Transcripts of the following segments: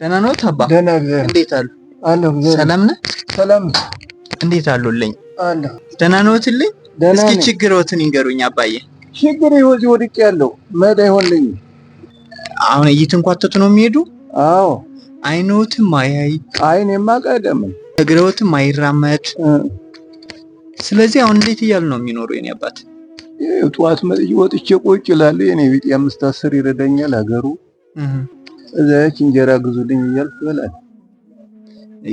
ደህና ነው አባ? ደህና እንዴት አሉ? አለሁ። ሰላም ነህ? ሰላም እንዴት አሉልኝ? አለሁ። ደህና ነዎትልኝ? እስኪ ችግሮትን ይንገሩኝ አባዬ። ችግር ይኸው እዚህ ወድቄ ያለው አይሆንልኝ። አሁን እየተንኳተቱ ነው የሚሄዱ? አዎ። አይኖትም አያይ፣ አይኔማ ቀደም፣ እግሮትም አይራመድ። ስለዚህ አሁን እንዴት እያሉ ነው የሚኖሩ የኔ አባት? ጠዋት መጥቼ ወጥቼ ቆጭ እላለሁ። የኔ ቢጤ አምስት አስር ይረዳኛል። ሀገሩ እዛች እንጀራ ግዙልኝ እያልኩ ይበላል።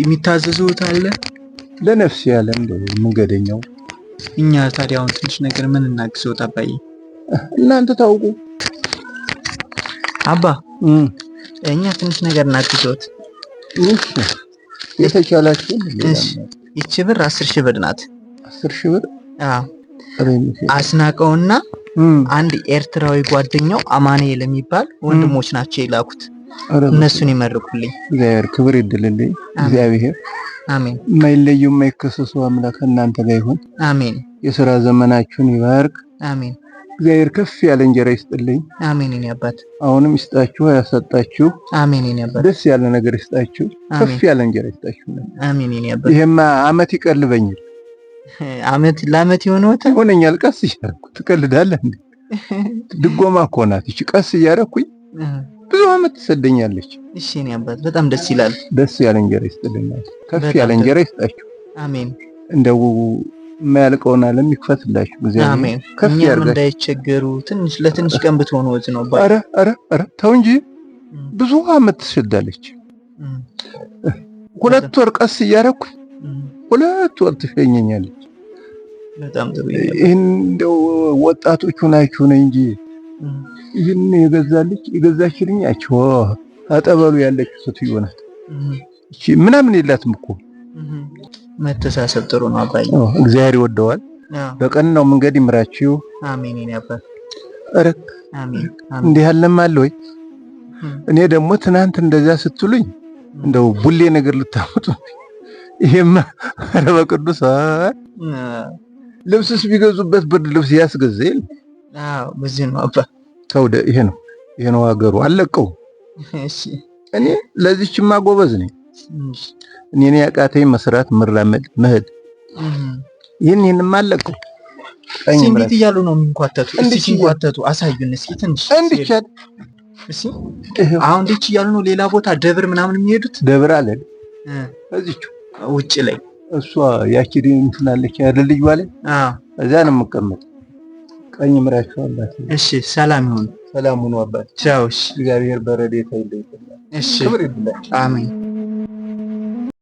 የሚታዘዙት አለ ለነፍስ ያለ እንደው መንገደኛው። እኛ ታዲያ አሁን ትንሽ ነገር ምን እናግዘው? አባዬ እናንተ ታውቁ አባ እኛ ትንሽ ነገር እናግዘውት። እሺ የተቻላችሁ። እሺ ይቺ ብር አስር ሺህ ብር ናት። አስር ሺህ ብር አዎ አስናቀውና አንድ ኤርትራዊ ጓደኛው አማኑኤል የሚባል ወንድሞች ናቸው የላኩት። እነሱን ይመርቁልኝ። እግዚአብሔር ክብር ይድልልኝ። እግዚአብሔር አሜን። የማይለዩ የማይከሰሱ አምላክ እናንተ ጋር ይሁን። አሜን። የሥራ ዘመናችሁን ይባርክ። አሜን። እግዚአብሔር ከፍ ያለ እንጀራ ይስጥልኝ። አሜን። እኔ አባት አሁንም ይስጣችሁ፣ ያሳጣችሁ። አሜን። እኔ አባት ደስ ያለ ነገር ይስጣችሁ፣ ከፍ ያለ እንጀራ ይስጣችሁ። አሜን። እኔ አባት ይሄማ አመት ይቀልበኛል አመት ለአመት የሆነውት ሆነኛል። ቀስ እያደረኩ ትቀልዳለህ እንዴ? ድጎማ እኮ ናት እቺ። ቀስ እያደረኩኝ ብዙ አመት ትሰደኛለች። እሺ እኔ አባት በጣም ደስ ይላል። ደስ ያለ እንጀራ ይስጥልናል። ከፍ ያለ እንጀራ ይስጣችሁ። አሜን። እንደው የማያልቀውን ዓለም ይክፈትላችሁ። እግዚአብሔር አሜን። ከፍ ያርጋ እንዳይቸገሩ። ትንሽ ለትንሽ ቀን ብትሆኑት ነው ባይ። አረ አረ አረ ተው እንጂ ብዙ አመት ትሰዳለች። ሁለት ወር ቀስ እያደረኩኝ ሁለት ወር ትሸኘኛለች። ይህን እንደው ወጣቶች ሆናችሁ ነው እንጂ ይህን የገዛልች የገዛችልኛችሁ አጠበሉ ያለችው ሴትዮ ናት። ምናምን የላትም እኮ መተሳሰብ ጥሩ ነው። አባዬ እግዚአብሔር ይወደዋል። በቀን ነው መንገድ ይምራችሁ። አሜን። እኔ አባ አረክ እንዲህ ያለም ወይ? እኔ ደግሞ ትናንት እንደዛ ስትሉኝ እንደው ቡሌ ነገር ልታመጡ ይሄማ ረበቅዱስ ልብስስ ቢገዙበት ብርድ ልብስ ያስገዛ የለ። በዚህ ነው አባ ተውደ። ይሄ ነው ይሄ ነው ሀገሩ። አለቀው። እኔ ለዚህችማ ጎበዝ ነኝ። እኔ ነኝ ያቃተኝ መስራት፣ መራመድ፣ መሄድ ይህን ይህንም አለቀው። እንዴት እያሉ ነው የሚንኳተቱ? እስቲ ሲንኳተቱ አሳዩን እስኪ ትንሽ እንድቻል። አሁን እንዴት እያሉ ነው ሌላ ቦታ ደብር ምናምን የሚሄዱት? ደብር አለ እዚቹ ውጭ ላይ እሷ ያቺ እንትን አለች አይደል? ልጅ ባለ እዛ ነው የምቀመጥ። ቀኝ ምራችሁ አባት። እሺ፣ ሰላም ይሁን። ሰላም ሁኑ አባት። ቻው። እሺ፣ እግዚአብሔር በረዴታ ይለይልናል። እሺ፣ አሜን።